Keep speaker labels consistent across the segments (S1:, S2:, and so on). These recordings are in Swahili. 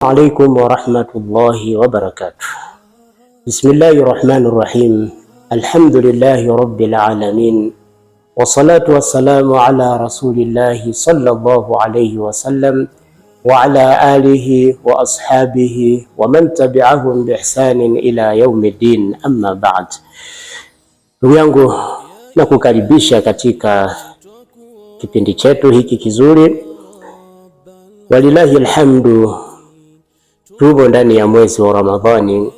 S1: Alaikum warahmatullahi wabarakatuh. Bismillahi rahmani rahim. Alhamdulillahi rabbil alamin wassalatu wassalamu ala rasulillahi sallallahu alayhi wasallam wa ala alihi wa ashabihi wa man tabi'ahum bi ihsanin ila yaumiddin, amma ba'd. Ndugu yangu, nakukaribisha katika kipindi chetu hiki kizuri, walillahi alhamdu Tupo ndani ya mwezi wa Ramadhani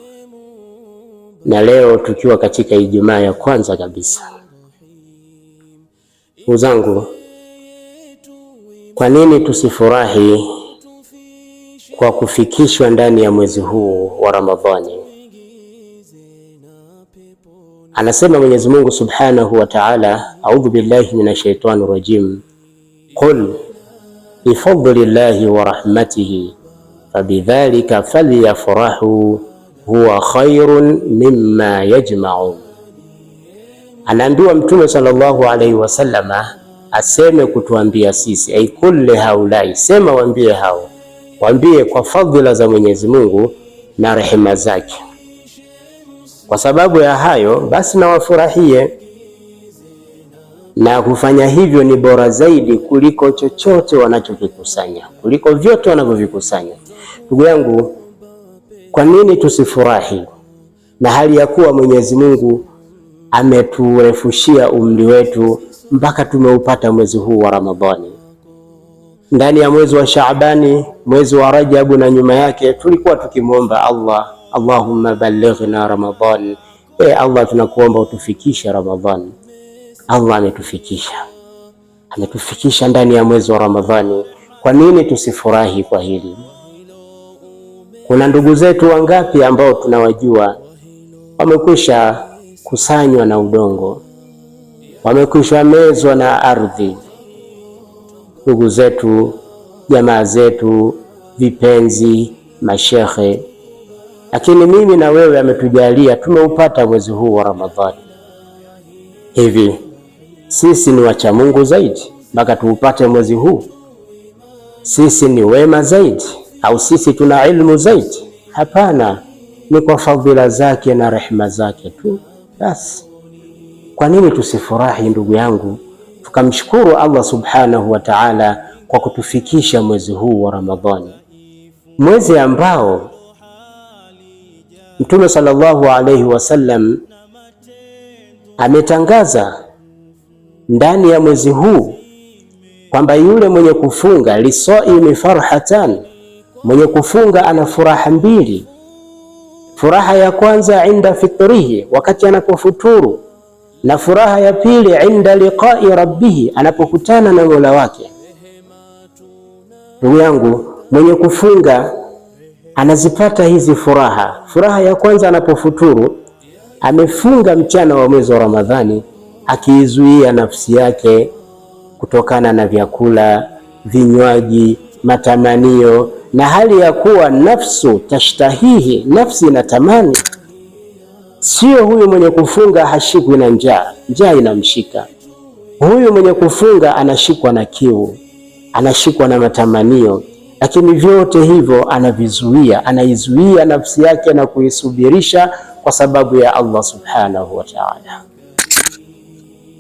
S1: na leo tukiwa katika Ijumaa ya kwanza kabisa. Ndugu zangu, kwa nini tusifurahi kwa kufikishwa ndani ya mwezi huu wa Ramadhani? Anasema Mwenyezi Mungu Subhanahu wa Ta'ala, a'udhu billahi minashaitani rajim, qul bifadlillahi wa rahmatihi fabidhalika falyafrahu huwa khairun mimma yajma'un. Anaambiwa Mtume sallallahu alaihi wasallama aseme kutuambia sisi, ai kulli haulai, sema waambie hao, waambie kwa fadhila za Mwenyezi Mungu na rehema zake. Kwa sababu ya hayo basi nawafurahie, na kufanya hivyo ni bora zaidi kuliko chochote wanachokikusanya, kuliko vyote wanavyovikusanya. Ndugu yangu, kwa nini tusifurahi na hali ya kuwa Mwenyezi Mungu ameturefushia umri wetu mpaka tumeupata mwezi huu wa Ramadhani? Ndani ya mwezi wa Shaabani, mwezi wa Rajabu na nyuma yake tulikuwa tukimwomba Allah, Allahumma ballighna Ramadhani, e Allah, tunakuomba utufikishe Ramadhani. Allah ametufikisha, ametufikisha ndani ya mwezi wa Ramadhani. Kwa nini tusifurahi kwa hili? Kuna ndugu zetu wangapi ambao tunawajua wamekwisha kusanywa na udongo, wamekwisha mezwa na ardhi. Ndugu zetu, jamaa zetu, vipenzi, mashehe. Lakini mimi na wewe ametujalia, tumeupata mwezi huu wa Ramadhani. Hivi sisi ni wacha Mungu zaidi mpaka tuupate mwezi huu? Sisi ni wema zaidi au sisi tuna ilmu zaidi? Hapana, ni kwa fadhila zake na rehema zake tu basi. Kwa nini tusifurahi ndugu yangu, tukamshukuru Allah subhanahu wa ta'ala kwa kutufikisha mwezi huu wa Ramadhani, mwezi ambao Mtume sallallahu alayhi wasallam ametangaza ndani ya mwezi huu kwamba yule mwenye kufunga lisoimi farhatan Mwenye kufunga ana furaha mbili. Furaha ya kwanza inda fitrihi, wakati anapofuturu, na furaha ya pili inda liqai rabbihi, anapokutana na Mola wake. Ndugu yangu, mwenye kufunga anazipata hizi furaha. Furaha ya kwanza anapofuturu, amefunga mchana wa mwezi wa Ramadhani, akiizuia nafsi yake kutokana na vyakula, vinywaji, matamanio na hali ya kuwa nafsu tashtahihi, nafsi inatamani. Sio huyu mwenye kufunga hashikwi na njaa, njaa inamshika huyu. Mwenye kufunga anashikwa na kiu, anashikwa na matamanio, lakini vyote hivyo anavizuia, anaizuia nafsi yake na kuisubirisha kwa sababu ya Allah subhanahu wa ta'ala.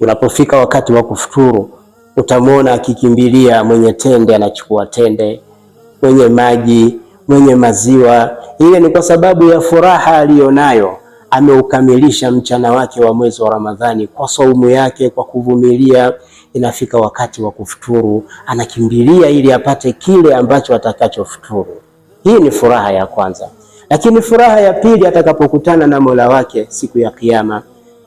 S1: Unapofika wakati wa kufuturu, utamwona akikimbilia mwenye tende, anachukua tende mwenye maji, mwenye maziwa. Ile ni kwa sababu ya furaha aliyonayo ameukamilisha mchana wake wa mwezi wa Ramadhani kwa saumu yake, kwa kuvumilia. Inafika wakati wa kufuturu, anakimbilia ili apate kile ambacho atakachofuturu. Hii ni furaha ya kwanza, lakini furaha ya pili, atakapokutana na Mola wake siku ya Kiyama,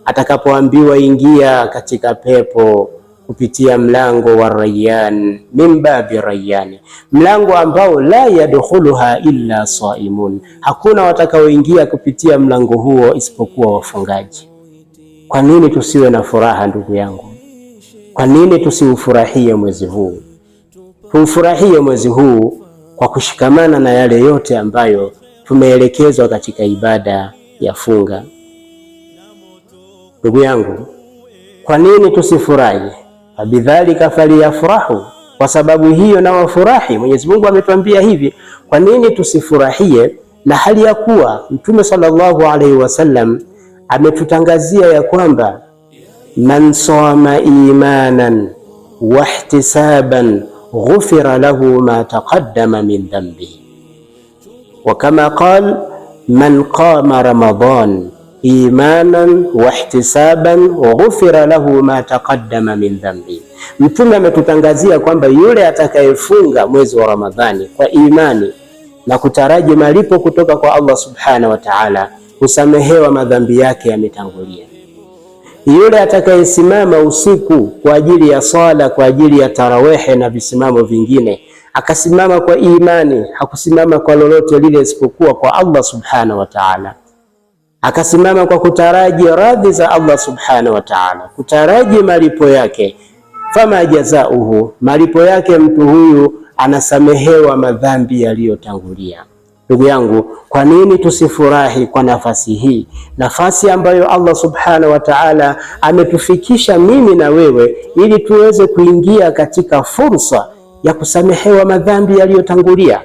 S1: atakapoambiwa ingia katika pepo kupitia mlango wa Rayyan, min babi Rayyan, mlango ambao la yadkhuluha illa saimun, hakuna watakaoingia kupitia mlango huo isipokuwa wafungaji. Kwa nini tusiwe na furaha ndugu yangu? Kwa nini tusiufurahie mwezi huu? Tuufurahie mwezi huu kwa kushikamana na yale yote ambayo tumeelekezwa katika ibada ya funga. Ndugu yangu, kwa nini tusifurahi fabidhalika faliyafurahu kwa sababu hiyo na wafurahi. Mwenyezi Mungu ametuambia hivi, kwa nini tusifurahie na hali ya kuwa Mtume sallallahu alaihi wasallam ametutangazia ya kwamba man sama imanan wahtisaban ghufira lahu ma taqaddama min dhanbihi wa kama qala man qama ramadan imanan wa ihtisaban ghufira lahu ma taqaddama min dhanbi. Mtume ametutangazia kwamba yule atakayefunga mwezi wa Ramadhani kwa imani na kutaraji malipo kutoka kwa Allah subhanahu wa ta'ala, husamehewa madhambi yake yametangulia. Yule atakayesimama usiku kwa ajili ya swala, kwa ajili ya tarawehe na visimamo vingine, akasimama kwa imani, hakusimama kwa lolote lile isipokuwa kwa Allah subhanahu wa ta'ala akasimama kwa kutaraji radhi za Allah subhanahu wa ta'ala, kutaraji malipo yake. Fama jazauhu, malipo yake mtu huyu anasamehewa madhambi yaliyotangulia. Ndugu yangu, kwa nini tusifurahi kwa nafasi hii, nafasi ambayo Allah subhanahu wa ta'ala ametufikisha mimi na wewe, ili tuweze kuingia katika fursa ya kusamehewa madhambi yaliyotangulia?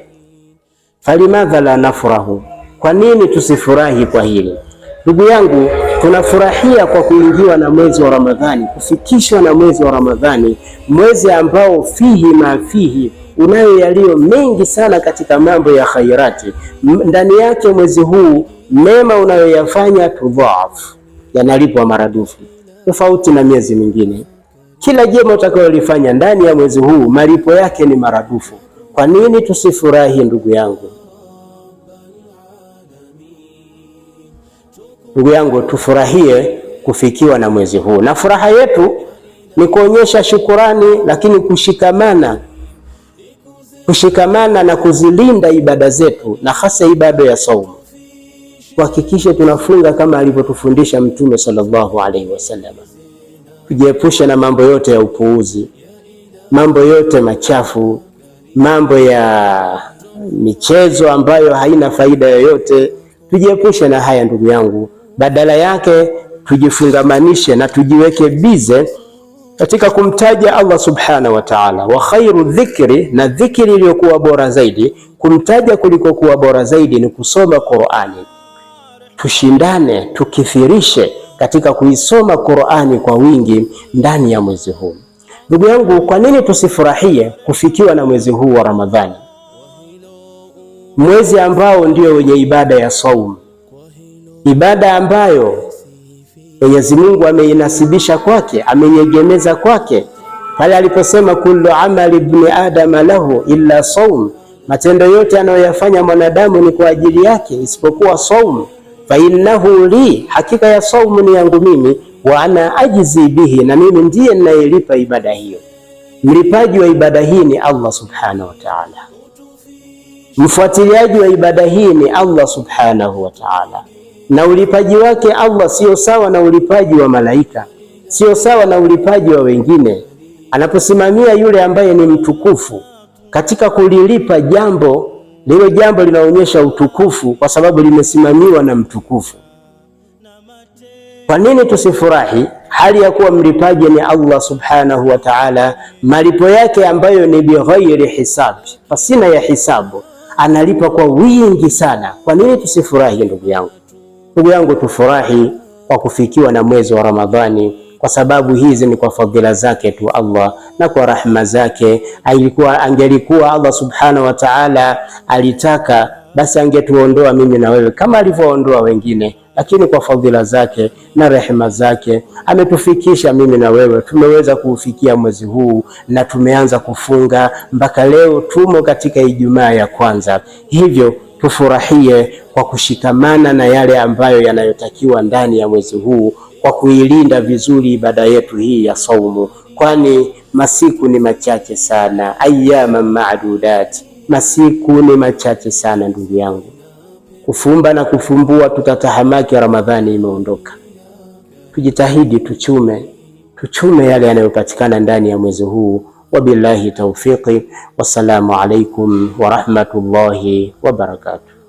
S1: Falimadha la nafurahu, kwa nini tusifurahi kwa hili? Ndugu yangu, tunafurahia kwa kuingiwa na mwezi wa Ramadhani, kufikishwa na mwezi wa Ramadhani, mwezi ambao fihi mafihi unayo yaliyo mengi sana katika mambo ya khairati ndani yake. Mwezi huu mema unayoyafanya tudhaafu, yanalipwa maradufu, tofauti na miezi mingine. Kila jema utakayolifanya ndani ya mwezi huu malipo yake ni maradufu. Kwa nini tusifurahi, ndugu yangu? Ndugu yangu, tufurahie kufikiwa na mwezi huu, na furaha yetu ni kuonyesha shukurani, lakini kushikamana, kushikamana na kuzilinda ibada zetu, na hasa ibada ya saumu, kuhakikisha tunafunga kama alivyotufundisha Mtume sallallahu alaihi wasallam, tujiepushe na mambo yote ya upuuzi, mambo yote machafu, mambo ya michezo ambayo haina faida yoyote, tujiepushe na haya ndugu yangu. Badala yake tujifungamanishe na tujiweke bize katika kumtaja Allah subhanahu wa ta'ala. Wa khairu dhikri, na dhikri iliyokuwa bora zaidi, kumtaja kuliko kuwa bora zaidi ni kusoma Qur'ani. Tushindane, tukithirishe katika kuisoma Qur'ani kwa wingi ndani ya mwezi huu. Ndugu yangu, kwa nini tusifurahie kufikiwa na mwezi huu wa Ramadhani, mwezi ambao ndio wenye ibada ya saumu? ibada ambayo Mwenyezi Mungu ameinasibisha kwake, amenyegemeza kwake, pale aliposema kullu amali ibn adama lahu illa saum, matendo yote anayoyafanya mwanadamu ni kwa ajili yake isipokuwa saum. Fa innahu li, hakika ya saumu ni yangu mimi, wa ana ajzi bihi, na mimi ndiye ninayelipa ibada hiyo. Mlipaji wa ibada hii ni Allah subhanahu wa ta'ala, mfuatiliaji wa ibada hii ni Allah subhanahu wa ta'ala na ulipaji wake Allah sio sawa na ulipaji wa malaika, sio sawa na ulipaji wa wengine. Anaposimamia yule ambaye ni mtukufu katika kulilipa jambo, lile jambo linaonyesha utukufu kwa sababu limesimamiwa na mtukufu. Kwa nini tusifurahi hali ya kuwa mlipaji ni Allah subhanahu wa ta'ala, malipo yake ambayo ni bighairi hisabi, pasina ya hisabu, analipa kwa wingi sana. Kwa nini tusifurahi, ndugu yangu? Ndugu yangu, tufurahi kwa kufikiwa na mwezi wa Ramadhani, kwa sababu hizi ni kwa fadhila zake tu Allah na kwa rahma zake. Alikuwa angelikuwa Allah subhanahu wa ta'ala alitaka basi angetuondoa mimi na wewe kama alivyoondoa wengine, lakini kwa fadhila zake na rehema zake ametufikisha mimi na wewe, tumeweza kuufikia mwezi huu na tumeanza kufunga mpaka leo, tumo katika Ijumaa ya kwanza hivyo tufurahie kwa kushikamana na yale ambayo yanayotakiwa ndani ya mwezi huu kwa kuilinda vizuri ibada yetu hii ya saumu, kwani masiku ni machache sana, ayyama ma'dudat, masiku ni machache sana ndugu yangu. Kufumba na kufumbua, tutatahamaki Ramadhani imeondoka. Tujitahidi tuchume, tuchume yale yanayopatikana ndani ya mwezi huu وبالله توفيقي والسلام عليكم ورحمة الله وبركاته